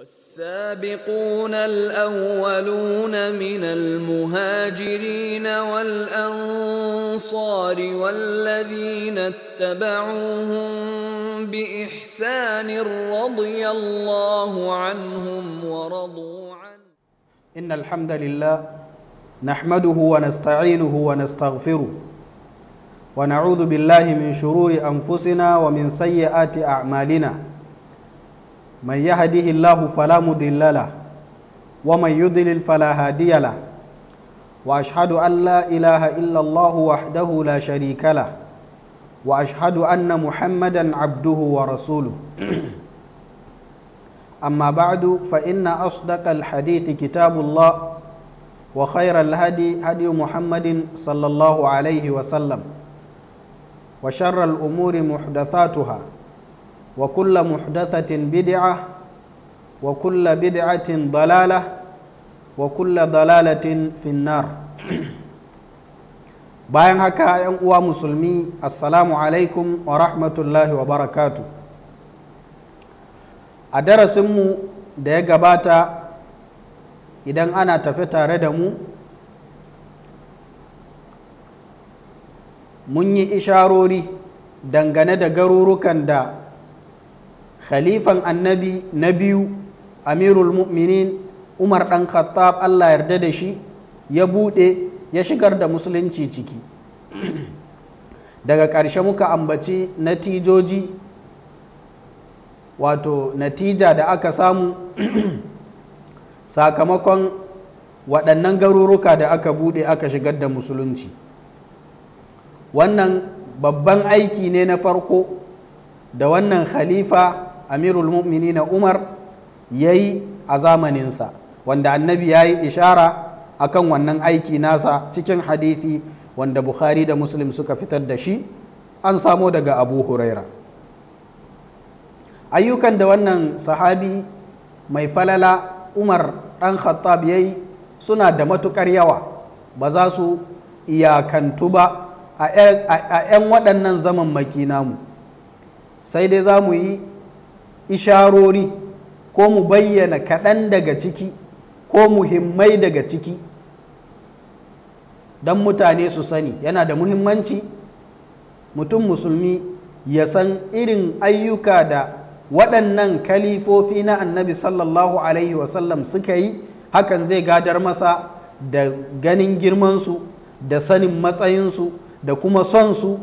والسابقون الأولون من المهاجرين والأنصار والذين اتبعوهم بإحسان رضي الله عنهم ورضوا عنه إن الحمد لله نحمده ونستعينه ونستغفره ونعوذ بالله من شرور أنفسنا ومن سيئات أعمالنا من يهده الله فلا مضل له ومن يضلل فلا هادي له واشهد ان لا اله الا الله وحده لا شريك له واشهد ان محمدا عبده ورسوله اما بعد فان اصدق الحديث كتاب الله وخير الهدي هدي محمد صلى الله عليه وسلم وشر الامور محدثاتها وكل محدثة بدعة وكل بدعة ضلالة وكل ضلالة في النار bayan haka yan uwa musulmi assalamu alaikum wa rahmatullahi wa barakatu a darasinmu da ya gabata idan ana tafe tare da mu mun yi isharori dangane da garurukan da khalifan annabi na biyu amirul mu'minin umar Dan khattab allah yarda da shi ya buɗe ya shigar da musulunci ciki daga ƙarshe muka ambaci natijoji wato natija da aka samu sakamakon waɗannan garuruka da aka buɗe aka shigar da musulunci wannan babban aiki ne na farko da wannan khalifa amirul na umar ya yi a zamaninsa wanda annabi ya yi ishara a kan wannan aiki nasa cikin hadithi wanda bukhari da muslim suka fitar da shi an samo daga abu huraira ayyukan da wannan sahabi mai falala umar ɗan khattab ya yi suna da matukar yawa ba za su iyakantu ba a 'yan waɗannan zaman makinamu mu sai dai za mu yi isharori ko mu bayyana kaɗan daga ciki ko muhimmai daga ciki don mutane su sani yana da muhimmanci mutum musulmi ya san irin ayyuka da waɗannan kalifofi na annabi sallallahu alaihi wasallam suka yi hakan zai gadar masa da ganin girmansu da sanin matsayinsu da kuma son su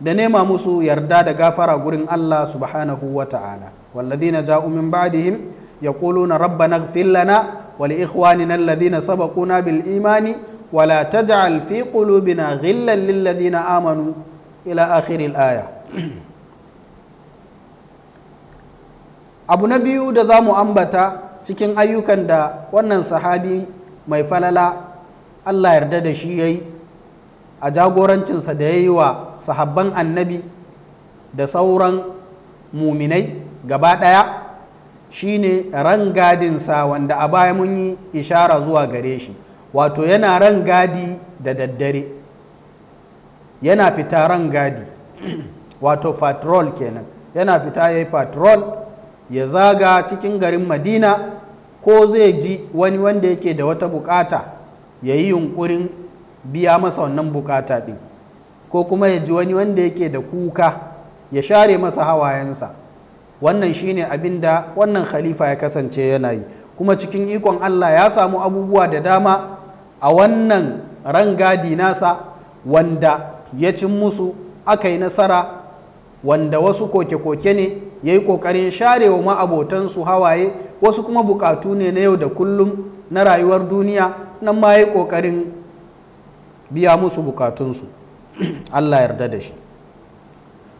da nema musu yarda da gafara gurin Allah subhanahu wa ta'ala walladhina ja'u min ba'dihim yaquluna rabbana ighfir lana wa li ikhwanina alladhina sabaquna bil imani wa la taj'al fi qulubina ghillan lil ladhina amanu ila akhir aya abu na biyu da za mu ambata cikin ayyukan da wannan sahabi mai falala Allah yarda da shi yayi a jagorancinsa da ya yi wa sahabban annabi da sauran muminai gaba ɗaya shine rangadinsa wanda a baya mun yi ishara zuwa gare shi wato yana rangadi da daddare yana fita rangadi wato patrol kenan yana fita ya yi patrol ya zaga cikin garin madina ko zai ji wani wanda yake da wata bukata ya yi yunkurin biya masa wannan bukata ɗin ko kuma ya ji wani wanda yake da kuka ya share masa hawayensa wannan shine abin da wannan khalifa ya kasance yana yi kuma cikin ikon Allah ya samu abubuwa da dama a wannan rangadi nasa wanda ya cin musu aka yi nasara wanda wasu koke-koke ne ya yi share wa ma'abotansu hawaye wasu kuma bukatu ne na yau da kullum na rayuwar duniya nan ma ya yi ƙoƙarin biya musu bukatunsu allah yarda da shi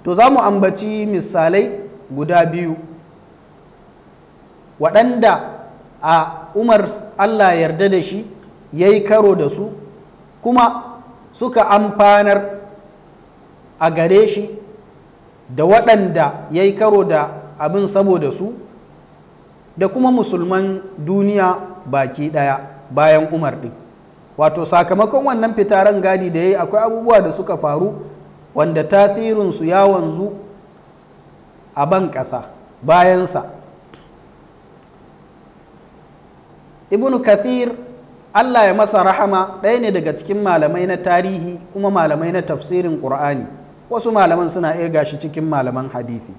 to za mu ambaci misalai guda biyu waɗanda a umar allah yarda da shi ya yi karo da su kuma suka amfanar a gare shi da waɗanda ya yi karo da abin saboda su da kuma musulman duniya baki ɗaya bayan umar ɗin wato sakamakon wannan fitaren gadi da ya yi akwai abubuwa da suka faru wanda tasirinsu ya wanzu a ban ƙasa bayansa ibn kathir allah ya masa rahama ɗaya ne daga cikin malamai na tarihi kuma malamai na tafsirin ƙur'ani wasu malaman suna irga shi cikin malaman hadithi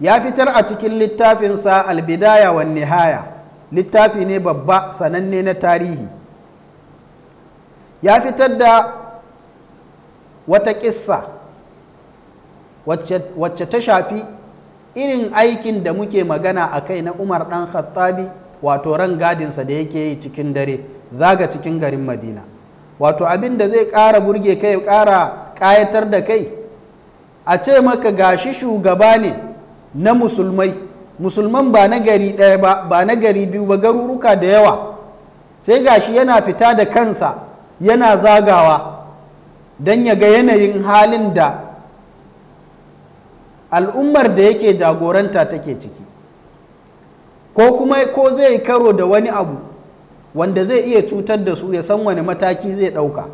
ya fitar a cikin littafinsa albidaya wa nihaya littafi ne babba sananne na tarihi ya fitar da wata kissa wacce ta shafi irin aikin da muke magana a kai na umar dan khattabi wato ran gadinsa da yake yi cikin dare zaga cikin garin madina wato abin da zai kara burge kai kara kayatar da kai a ce maka gashi shugaba ne na musulmai musulman ba na gari ɗaya ba ba na gari biyu ba garuruka da yawa sai gashi yana fita da kansa yana zagawa don ya ga yanayin halin da al'ummar da yake jagoranta take ciki ko kuma ko zai karo da wani abu wanda zai iya cutar da su ya san wani mataki zai ɗauka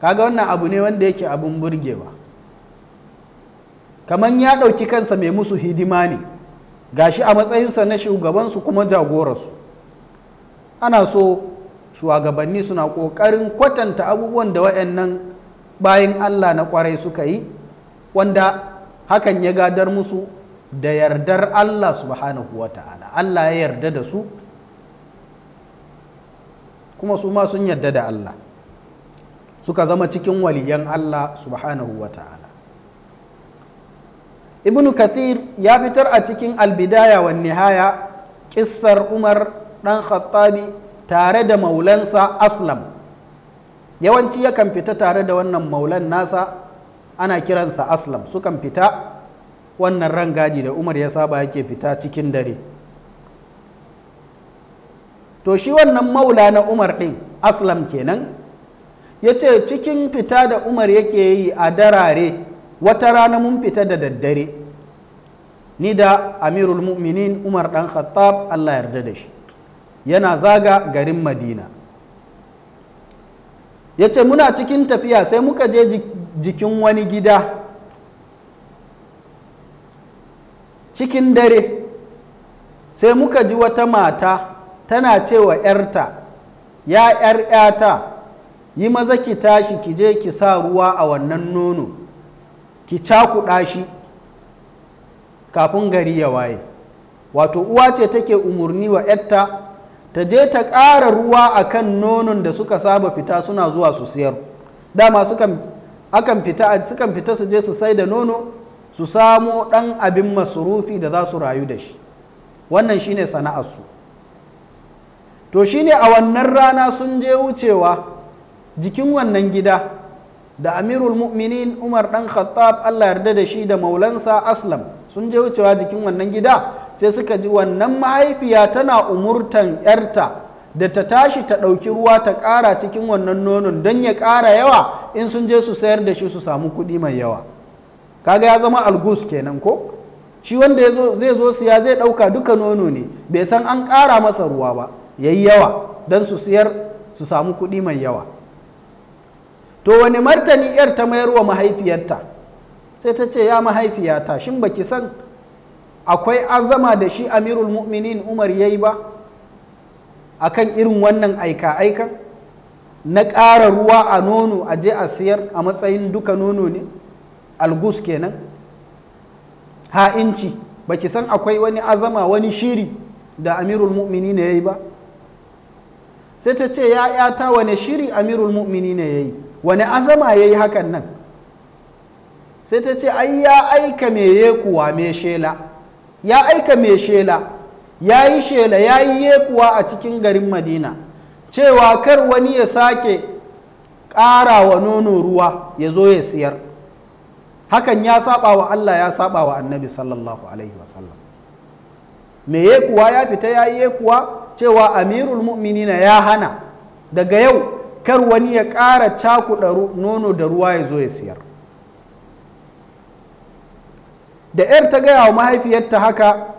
kaga wannan abu ne wanda yake abin burgewa kamar ya ɗauki kansa mai musu hidima ne ga shi a matsayinsa na shugabansu kuma jagorarsu ana so shugabanni suna ƙoƙarin kwatanta abubuwan da waɗannan bayan allah na kwarai suka yi wanda hakan ya gadar musu da yardar allah subhanahu wa ta'ala allah ya yarda da su kuma su ma sun yarda da allah suka zama cikin waliyan allah subhanahu wa ta'ala ibnu kathir ya fitar a cikin albidaya wa nihaya kissar umar dan khattabi tare da maulansa aslam yawanci yakan fita tare da wannan maulan nasa ana kiransa aslam sukan fita wannan rangaji da umar ya saba yake fita cikin dare to shi wannan maula na umar din aslam kenan ya ce cikin fita da umar yake yi a darare wata rana mun fita da daddare ni da amirul mu'minin umar dan khattab allah yarda da shi yana zaga garin madina ya ce muna cikin tafiya sai muka je jikin wani gida cikin dare sai muka ji wata mata tana cewa 'yarta ya 'yar 'yata yi maza ki tashi ki je ki sa ruwa a wannan nono ki cakuɗa shi kafin gari ya waye wato uwa ce take umarni wa yatta ta je ta ƙara ruwa a kan nonon da suka saba fita suna zuwa su siyar dama akan fita sukan fita su je su sai da nono su samo ɗan abin masurufi da za su rayu da shi wannan shine sana'arsu to shine a wannan rana sun je wucewa jikin wannan gida da amirul mu'minin umar dan khattab allah yarda da shi da maulansa aslam sun je wucewa jikin wannan gida sai suka ji wannan mahaifiya tana umurtan yarta da ta tashi ta ɗauki ruwa ta ƙara cikin wannan nonon don ya ƙara yawa in sun je su sayar da shi su samu kuɗi mai yawa kaga ya zama algus kenan ko shi wanda zai zo siya zai ɗauka duka nono ne bai san an ƙara masa ruwa ba ya yi yawa don su siyar su samu kuɗi mai yawa to wani martani yar ta mayar wa mahaifiyarta sai ta ce ya mahaifiyata shin baki san akwai azama da shi amirul mu'minin umar ya yi ba akan irin wannan aika-aikan na ƙara ruwa a nono a je a siyar a matsayin duka nono ne algus kenan ha'inci baki san akwai wani azama wani shiri da amirul mu'mini ne ya yi ba sai ta ce ya 'yata wane shiri amirul mu'mini ne ya yi wani azama ya yi hakan nan sai ta ce ai ya aika mai yekuwa me shela ya aika me shela ya yi shela ya yi yekuwa a cikin garin madina cewa kar wani ya sake ƙara wa nono ruwa ya zo ya siyar hakan ya saba wa allah ya saba wa annabi sallallahu alaihi wasallam me yekuwa ya fita ya yi yekuwa cewa amirul mu'minina ya hana daga yau kar wani ya ƙara cakuɗa nono da ruwa ya zo ya siyar da 'yar ta gaya wa mahaifiyarta haka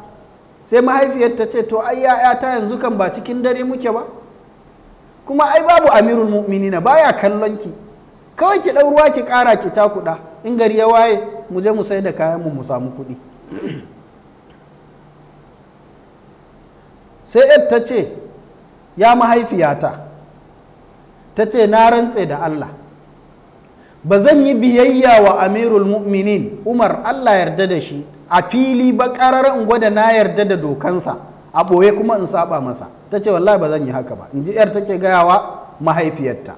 sai mahaifiyarta ce to ai ta yanzu kan ba cikin dare muke ba kuma ai babu amirul mu'minina baya kallon ki kawai ki ɗau ruwa ki ƙara ki cakuɗa in gari ya waye mu je mu sai da kayan mu mu samu kuɗi sai yar ta ce ya mahaifiyata ta ce na rantse da Allah ba zan yi biyayya wa amirul mu'minin umar Allah yarda da shi a fili ba ƙarar in gwada na yarda da dokansa a ɓoye kuma in saba masa ta ce wallahi ba zan yi haka ba in ji yar take gayawa mahaifiyarta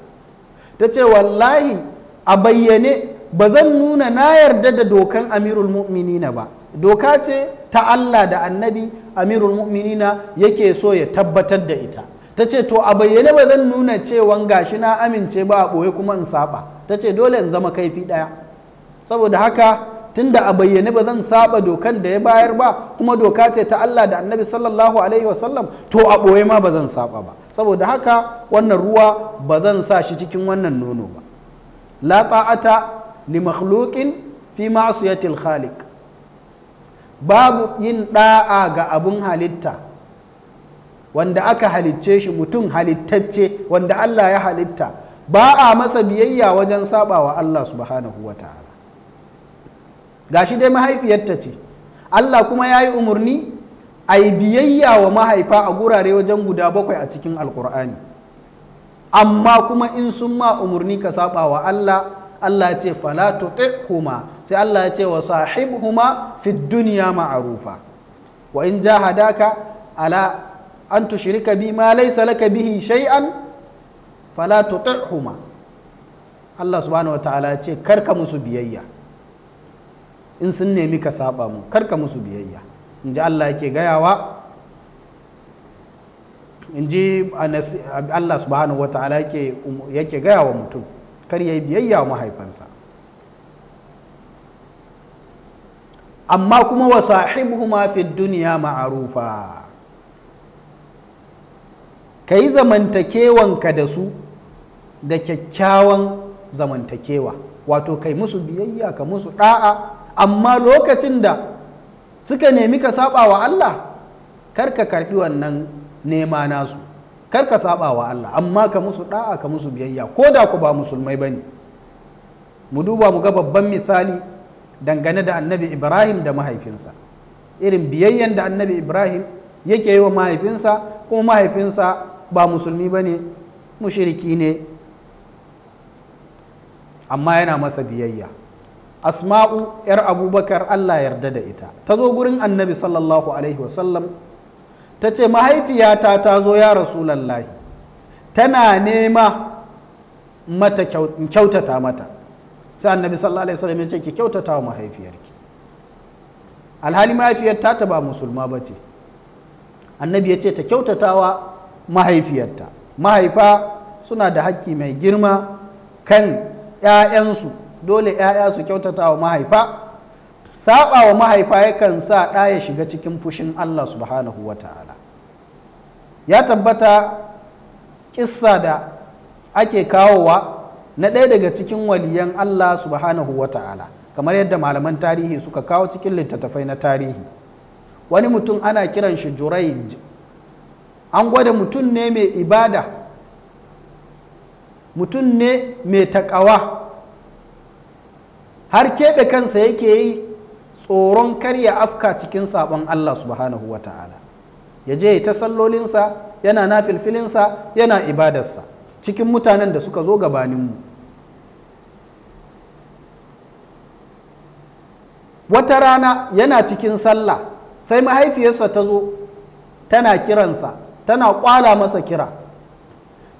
ta ce wallahi a bayyane ba zan nuna na yarda da dokan amirul mu'minina ba doka ce ta Allah da annabi amirul mu'minina yake so ya tabbatar da ita ta ce to a bayyane ba zan nuna cewan gashi na amince ba a ɓoye kuma in saba ta ce dole in zama kaifi ɗaya saboda haka tun da a bayyane ba zan saba dokan da ya bayar ba kuma doka ce ta Allah da annabi sallallahu alaihi wasallam to a ɓoye ma ba zan saba ba saboda haka wannan ruwa ba zan sa shi cikin wannan nono ba la ta'ata li makhluqin fi ma'siyatil khaliq babu yin da'a ga abun halitta wanda aka halicce shi mutum halittacce wanda Allah ya halitta ba a masa biyayya wajen saba wa Allah subhanahu wa ta'ala gashi dai mahaifiyarta ce Allah kuma ya yi umarni a yi biyayya wa mahaifa a gurare wajen guda bakwai a cikin alkur'ani amma kuma in sun ma umarni ka saba wa Allah Allah ce fala kuma, sai Allah ya ce wa sahibhuma fid dunya ma'arufa. wa in jahadaka ala an tushrika bi ma laisa laka bihi shay'an fala tuti'huma Allah subhanahu wataala ya ce karka musu biyayya in sun nemi ka saba mu karka musu biyayya in ji Allah yake gayawa in ji Allah subhanahu ta'ala um, yake gayawa mutum kar ya yi biyayya wa mahaifansa amma kuma wa sahibuhuma fi duniya ma'arufa ka yi zamantakewanka da su da kyakkyawan zamantakewa wato kai musu biyayya ka musu ɗa'a amma lokacin da suka nemi ka saba wa Allah karka ka wannan nema nasu kar ka saba wa Allah amma ka musu ɗa'a ka musu biyayya ko da ku ba musulmai ba ne mu duba mu ga babban misali dangane da annabi ibrahim da mahaifinsa irin biyayyan da annabi ibrahim yake yi wa mahaifinsa kuma mahaifinsa ba musulmi ba ne mushiriki ne amma yana masa biyayya asma'u 'yar abubakar allah yarda da ita ta zo gurin annabi sallallahu alaihi wasallam ta ce mahaifiyata ta zo ya rasulallahi tana nema mata kyautata mata sai annabi sallallahu alaihi wasallam ya ce ki kyautata wa mahaifiyarki alhali mahaifiyar ta ba musulma ba ce annabi ya ce ta kyautatawa mahaifiyarta mahaifa suna da haƙƙi mai girma kan 'ya'yansu dole 'ya'ya su kyautata wa mahaifa saba wa mahaifa yakan sa ɗa ya shiga cikin fushin Allah subhanahu wa ta'ala ya tabbata kissa da ake kawowa na ɗaya daga cikin waliyan Allah subhanahu wa ta'ala kamar yadda malaman tarihi suka kawo cikin littattafai na tarihi wani mutum ana kiran shi juraij an gwada mutum ne mai ibada mutum ne mai takawa har keɓe kansa yake yi tsoron karya afka cikin sabon Allah subhanahu wa ta'ala ya je ta sallolinsa yana nafilfilinsa, yana ibadarsa cikin mutanen da suka zo gabaninmu wata rana yana cikin sallah sai mahaifiyarsa ta zo tana kiransa tana kwala masa kira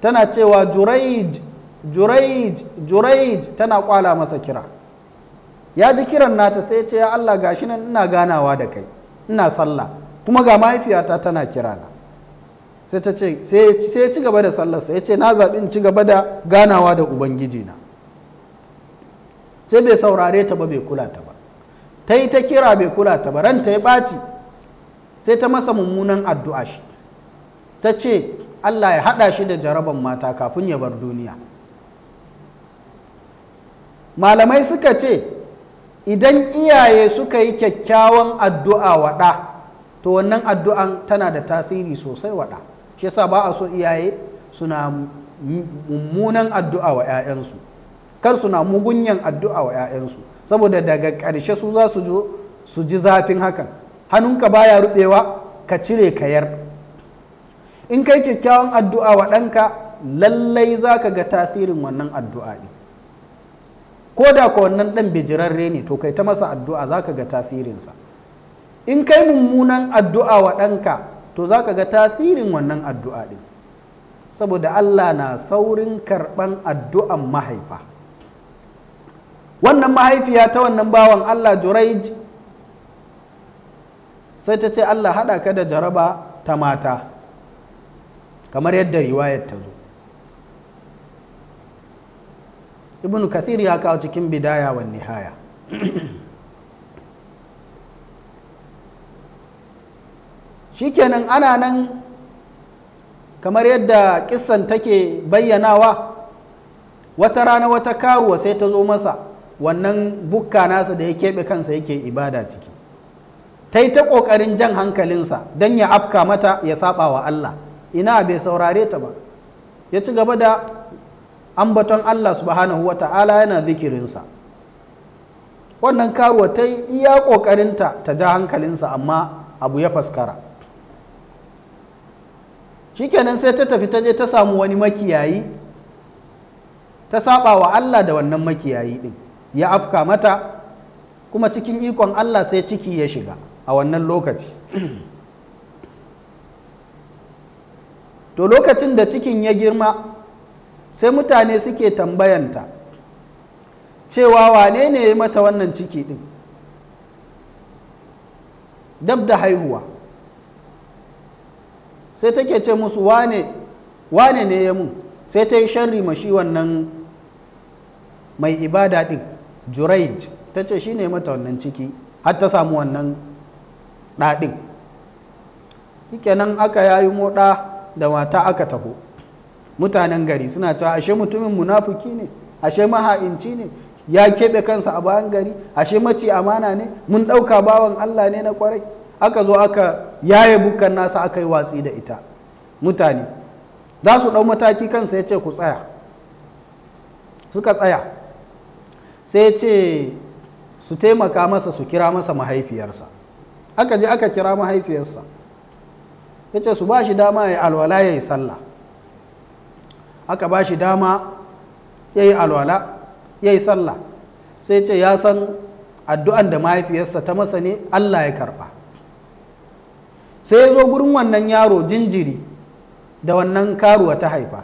tana cewa juraij juraij juraij tana kwala masa kira ya ji kiran nata sai ce ya Allah gashi nan ina ganawa da kai ina sallah kuma ga mahaifiyata tana kirana sai ta ce sai ya ci gaba da sallarsa ya ce na zaɓi in ci gaba da ganawa da ubangiji na sai bai saurare ta ba bai kula ta ba ta yi ta kira bai kula ta ba ranta ya ɓaci sai ta masa mummunan addu'a shi ta ce allah ya haɗa shi da jaraban mata kafin ya bar duniya malamai suka ce idan iyaye suka yi kyakkyawan addu'a wa to wannan addu'an tana da tasiri sosai wa ɗa shi yasa ba a so iyaye suna mummunan addu'a wa 'ya'yansu kar suna mugunyan addu'a wa 'ya'yansu saboda daga ƙarshe su za su ji zafin hakan hannunka baya rubewa ka cire ka yar in kai kyakkyawan addu'a wa ɗanka lallai za ka ga tasirin wannan addu'a ne ko da ka wannan ɗan bijirarre ne to kai ta masa addu'a za ka ga tasirinsa in kai mummunan addu'a wa ɗanka to za ka ga tasirin wannan addu'a ɗin saboda allah na saurin karɓan addu'an mahaifa wannan mahaifiya ta wannan bawan allah juraij sai ta ce allah haɗa ka da jaraba ta mata kamar yadda riwayar ta zo ibn kathir ya kawo cikin bidaya wa nihaya shikenan ana nan kamar yadda kissan take bayyanawa wata rana wata karuwa sai ta zo masa wannan bukka nasa da ya keɓe kansa yake ibada ciki ta yi ta ƙoƙarin jan hankalinsa don ya afka mata ya saɓa wa Allah ina bai saurare ta ba ya ci gaba da ambaton Allah subhanahu wa ta'ala yana zikirinsa wannan karuwa ta yi iya ƙoƙarinta ta ja hankalinsa amma abu ya faskara shikenan sai ta tafi ta je ta samu wani makiyayi ta saba wa Allah da wannan makiyayi din ya afka mata kuma cikin ikon Allah sai ciki ya shiga a wannan lokaci to lokacin da cikin ya girma sai mutane suke tambayanta cewa wane ne ya mata wannan ciki ɗin dab da haihuwa sai take ce musu wane wane ne ya mun sai ta yi sharri ma shi wannan mai ibada ɗin juraij ta ce shi ne mata wannan ciki har ta samu wannan ɗaɗin kenan aka yayi moɗa da mata aka taho mutanen gari suna cewa ashe mutumin munafuki ne ashe maha'inci ne ya keɓe kansa a bayan gari ashe mace amana ne mun ɗauka bawan allah ne na kwarai aka zo aka yaye bukkan nasa aka yi watsi da ita mutane za su ɗau mataki kansa ya ce ku tsaya suka tsaya sai ya ce su taimaka masa su kira masa mahaifiyarsa aka je aka kira mahaifiyarsa ya ce su ba shi dama ya yi alwala ya yi sallah aka ba shi dama ya yi alwala ya yi sallah sai ce ya san addu'an da mahaifiyarsa ta masa ne allah ya karba sai ya zo gurin wannan yaro jinjiri da wannan karuwa ta haifa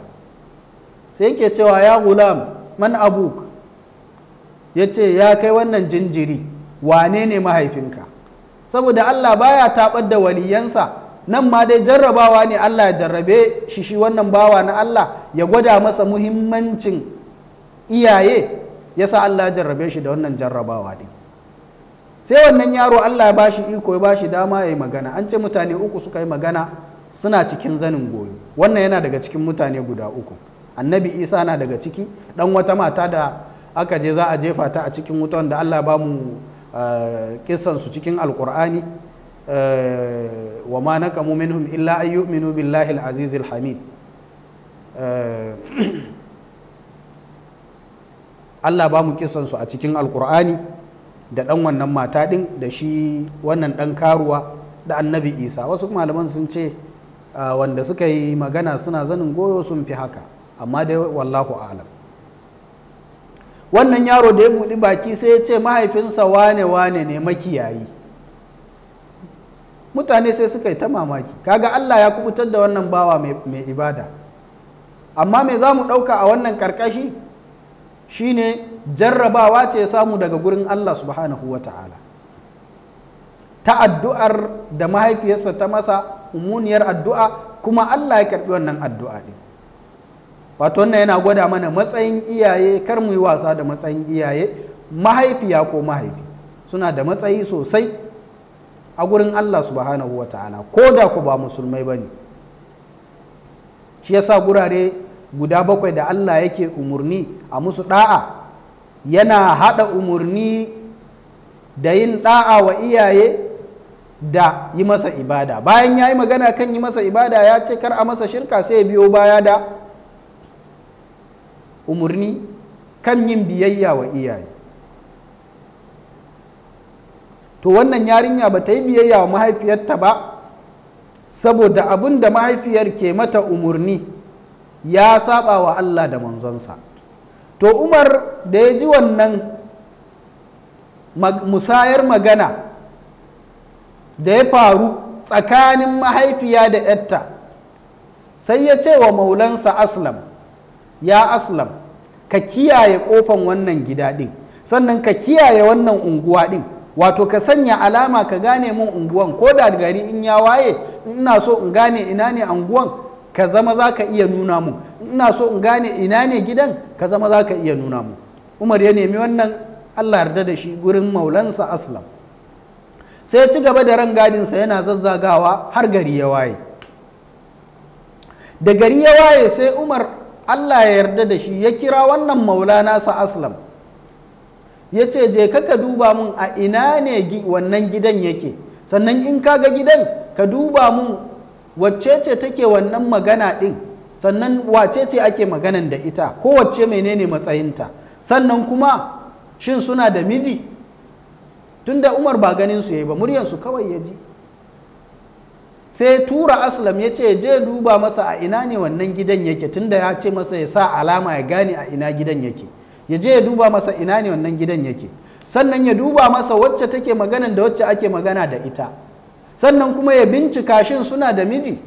sai yake cewa ya gulam man abuk ya ce ya kai wannan jinjiri wane ne mahaifinka saboda allah baya taɓar da waliyansa nan ma dai jarrabawa ne Allah ya jarrabe shi shi wannan bawa na Allah ya gwada masa muhimmancin iyaye ya sa Allah ya jarrabe shi da wannan jarrabawa ne. sai wannan yaro Allah ya bashi iko ya bashi dama ya yi magana an ce mutane uku suka yi magana suna cikin zanin goyo wannan yana daga cikin mutane guda uku annabi isa na daga ciki dan wata mata da aka je za a jefa ta a cikin wutan da Allah ba mu uh, cikin alkur'ani Eh, wa ma naqamu minhum illa an minu billahi al-aziz al-hamid eh, Allah ba mu kisan su a cikin alkur'ani da ɗan wannan mata ɗin da shi wannan ɗan karuwa da annabi isa wasu malaman sun ce eh, wanda suka yi magana suna zanin goyo sun fi haka amma dai wallahu alam wannan yaro da ya buɗi baki sai ya ce mahaifinsa wane wane ne makiyayi mutane sai suka yi ta mamaki kaga Allah ya kubutar da wannan bawa mai ibada amma mai za mu ɗauka a wannan karkashi shine jarrabawa ce ya samu daga gurin Allah subhanahu wa ta'ala ta addu'ar da mahaifiyarsa ta masa umuniyar addu'a kuma Allah ya karɓi wannan addu'a ɗin wato wannan yana gwada mana matsayin iyaye kar mu yi wasa da matsayin iyaye mahaifiya ko mahaifi suna da matsayi sosai a gurin Allah subhanahu wa ta'ala ko da ku ba musulmai ba ne shi yasa gurare guda bakwai da Allah yake umurni a musu da'a yana haɗa umurni da yin da'a wa iyaye da yi masa ibada bayan ya yi magana kan yi masa ibada ya ce kar a masa shirka sai ya biyo baya da umarni kan yin biyayya wa iyaye to wannan yarinya ba ta yi biyayya wa mahaifiyarta ba saboda abin da mahaifiyar ke mata umarni ya saba wa Allah da manzonsa to umar da ya ji wannan musayar magana da ya faru tsakanin mahaifiya da yatta sai ya ce wa maulansa aslam ya aslam ka kiyaye kofan wannan gida din, sannan ka kiyaye wannan unguwa din. wato ka sanya alama ka gane mun unguwan ko da gari in ya waye ina so in gane ina ne unguwan ka zama za ka iya nuna mu ina so in gane ina ne gidan ka zama za ka iya nuna mu umar ya nemi wannan allah yarda da shi gurin maulansa aslam sai ya ci gaba da gadinsa yana zazzagawa har gari ya waye da gari ya waye sai umar allah ya yarda da shi ya kira wannan maulana sa aslam ya ce je ka duba mun a ina ne wannan gidan yake sannan in ka ga gidan ka duba mun wacce ce take wannan magana ɗin sannan wace ce ake maganan da ita ko wacce menene matsayinta sannan kuma shin suna da miji tunda umar ba ganin su yayi ba muryansu kawai ya ji sai tura aslam ya ce je duba masa a ina ne wannan gidan yake tunda ya ce masa ya sa alama ya gane a ina gidan yake ya je ya duba masa ina ne wannan gidan yake sannan ya duba masa wacce take maganan da wacce ake magana da ita sannan kuma ya bincika shin suna da miji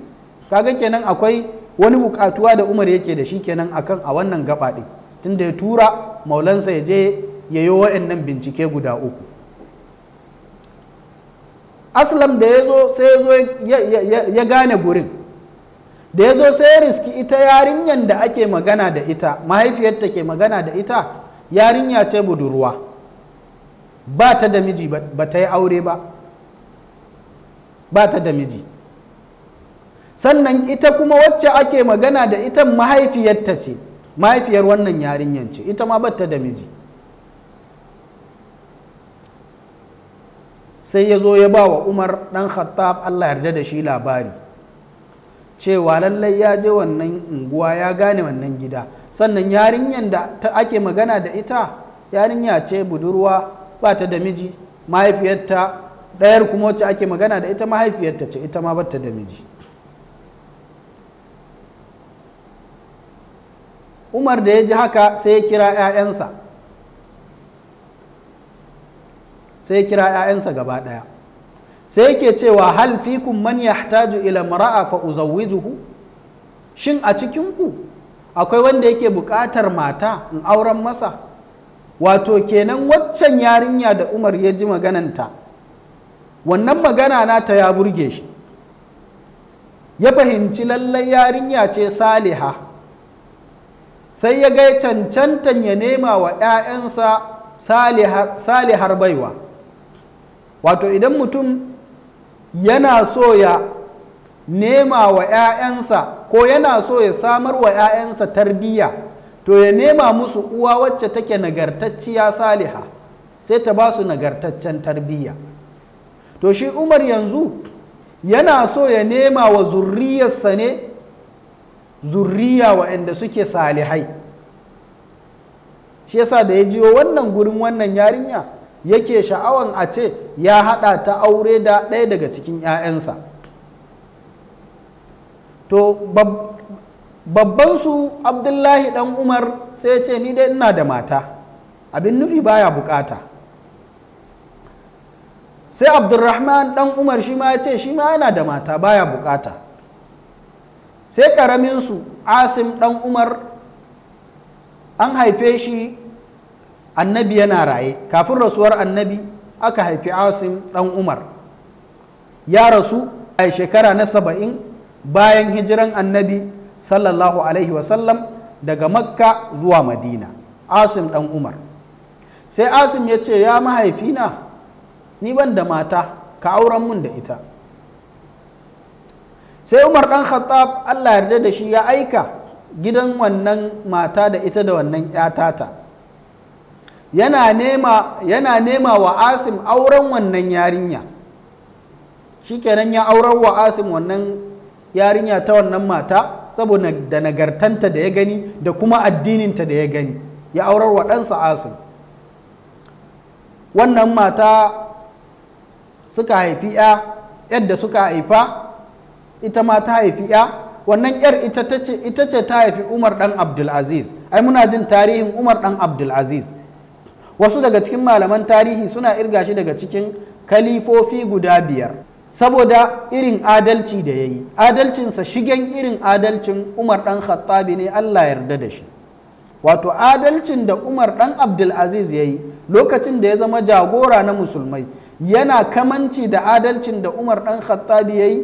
kaga kenan akwai wani bukatuwa da umar yake da shi kenan akan a wannan gaba din tunda ya tura maulansa ya je ya yi wa'annan bincike guda uku aslam da ya zo sai ya zo ya gane gurin da ya zo sai ya riski ita yarinyar da ake magana da ita mahaifiyarta ke magana da ita yarinya ce budurwa ba ta da miji ba ta yi aure ba ba ta da miji sannan ita kuma wacce ake magana da ita mahaifiyarta ce mahaifiyar wannan yarinyar ce ita ma ba ta da miji sai ya zo ya ba wa umar dan khattab allah yarda da shi labari cewa lallai ya je wannan unguwa ya gane wannan gida sannan yarinyar da ta ake magana da ita yarinya ce budurwa ba ta da miji mahaifiyarta ɗayar kuma wacce ake magana da ita mahaifiyarta ce ita ma ba ta da miji umar da ya ji haka sai ya kira 'ya'yansa sai ya kira 'ya'yansa gaba ɗaya sai yake cewa hal fikum man yahtaju ila mar'a fa uzawwijuhu shin a cikinku akwai wanda yake buƙatar mata in auren masa wato kenan waccan yarinya da Umar ya ji magananta wannan magana na ta ya burge shi ya fahimci lallai yarinya ce saliha sai ya gai cancantan ya nema wa 'ya'yansa salihar baiwa wato idan mutum yana so ya nema wa 'ya'yansa ko yana so ya samar wa 'ya'yansa tarbiyya to ya nema musu uwa wacce take nagartacciya saliha sai ta ba su nagartaccen tarbiyya to shi umar yanzu yana so ya nema wa zurriyarsa ne zurriya waɗanda suke salihai shi yasa da ya jiyo wannan gurin wannan yarinya yake sha'awan a ce ya haɗa ta aure da ɗaya daga cikin 'ya'yansa to babbansu abdullahi ɗan umar sai ya ce ni dai ina da mata abin nufi baya bukata sai abdulrahman ɗan umar shi ma ya ce shi ma yana da mata baya bukata sai ƙaraminsu asim ɗan umar an haife shi annabi yana raye kafin rasuwar annabi aka haifi asim dan umar ya rasu a shekara na saba'in bayan hijiran annabi sallallahu alaihi wasallam daga makka zuwa madina asim dan umar sai asim ya ce ya mahaifina ni ban da mata ka auren mun da ita sai umar dan khattab allah yarda da shi ya aika gidan wannan mata da ita da wannan 'yatata yana nema wa asim auren wannan yarinya shikenan ya auren wa asim wannan yarinya ta wannan mata saboda da nagartanta da ya gani da kuma addininta da ya gani ya aurar wa ɗansa asim wannan mata suka haifi ya yadda suka haifa ita ma ta haifi ya wannan yar ita ce ta haifi umar dan abdulaziz ai muna jin tarihin umar dan abdulaziz wasu daga cikin malaman tarihi suna irga shi daga cikin kalifofi guda biyar saboda irin adalci da ya yi adalcinsa shigen irin adalcin umar dan khattabi ne allah yarda da shi wato adalcin da umar dan abdulaziz ya yi lokacin da ya zama jagora na musulmai yana kamanci da adalcin da umar dan khattabi ya yi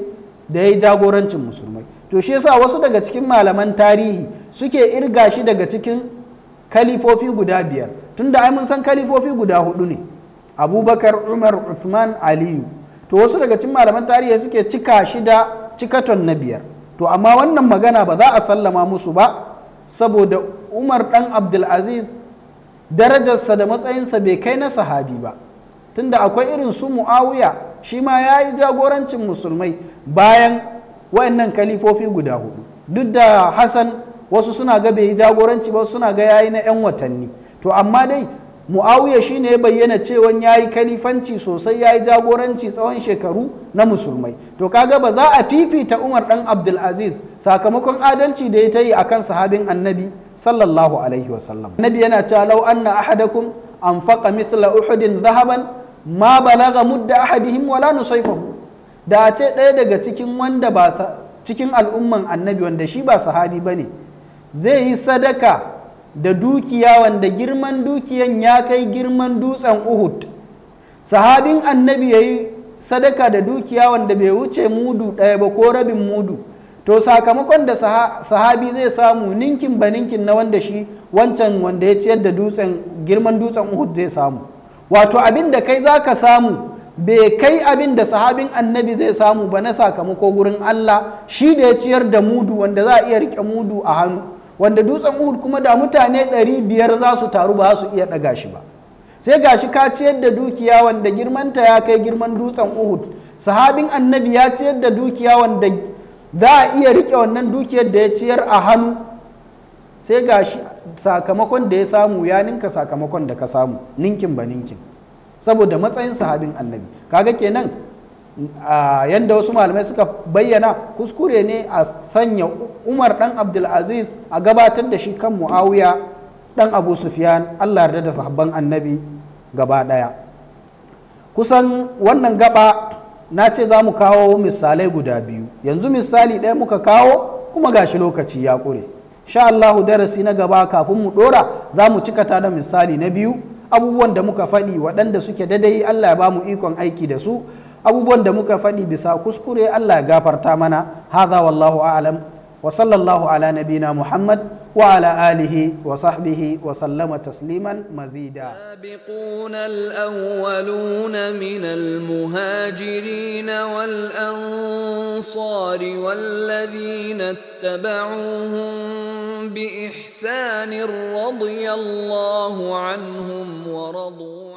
da ya yi jagorancin musulmai to shi yasa wasu daga cikin malaman tarihi suke irga shi daga cikin kalifofi guda biyar tunda ai mun san kalifofi guda hudu ne abubakar umar usman aliyu to wasu daga cikin malaman tarihi suke cika shida cikaton na biyar to amma wannan magana ba za a sallama musu ba saboda umar dan abdulaziz darajarsa da matsayinsa bai kai na sahabi ba tunda akwai irin su mu'awiya shi ma ya yi jagorancin musulmai bayan wayannan kalifofi guda hudu duk da hassan wasu suna ga bai yi jagoranci ba suna ga yayi na 'yan watanni to amma dai mu'awiya shi ne bayyana cewa ya yi kalifanci sosai ya yi jagoranci tsawon shekaru na musulmai to kaga ba za a fifita umar dan abdulaziz sakamakon adalci da ya ta yi akan sahabin annabi sallallahu alaihi wasallam annabi yana cewa lau anna ahadakum anfaqa mithla uhudin zahaban ma balaga mudda ahadihim wala nusayfahu da a ce ɗaya daga cikin wanda ba cikin al'umman annabi wanda shi ba sahabi ba ne. zai yi sadaka da dukiya wanda girman dukiyan ya kai girman dutsen uhud sahabin annabi ya yi sadaka da dukiya wanda bai wuce mudu ɗaya ba ko rabin mudu to sakamakon da sahabi zai samu ninkin ba ninkin na wanda shi wancan wanda ya ciyar da dutsen girman dutsen uhud zai samu wato abin da kai za ka samu bai kai abin da sahabin annabi zai samu ba na sakamako gurin allah shi da ya ciyar da mudu wanda za a iya rike mudu a hannu wanda dutsen uhud kuma da mutane 500 za su taru ba su iya ɗaga shi ba sai gashi ka ciyar da dukiya wanda girmanta ya kai girman dutsen uhud sahabin annabi ya ciyar da dukiya wanda za a iya rike wannan dukiyar da ya ciyar a hannu sai gashi sakamakon da ya samu ya ninka sakamakon da ka samu ninkin ba ninkin saboda matsayin sahabin annabi kaga kenan yadda wasu malamai suka bayyana kuskure ne a sanya umar dan abdulaziz a gabatar da shi kan muawiya dan abu sufyan allah yarda da sahabban annabi gaba daya kusan wannan gaba na ce za mu kawo misalai guda biyu yanzu misali ɗaya muka kawo kuma gashi lokaci ya ƙure sha allahu darasi na gaba kafin mu ɗora za mu tada da misali na biyu abubuwan da muka faɗi waɗanda suke daidai Allah ya ba mu ikon aiki da su abubuwan da muka faɗi bisa kuskure Allah gafarta mana hadha wallahu a'lam wa sallallahu ala nabina muhammad wa ala alihi wa sahbihi wa sallama tasliman mazida sabiqun al-awwalun min al-muhajirin wal ansar wal ladhina ittaba'uhum bi ihsanin radiyallahu anhum wa radu